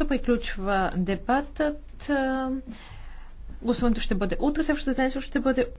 часа приключва дебатът. Гласуването ще бъде утре, следващото заседание ще бъде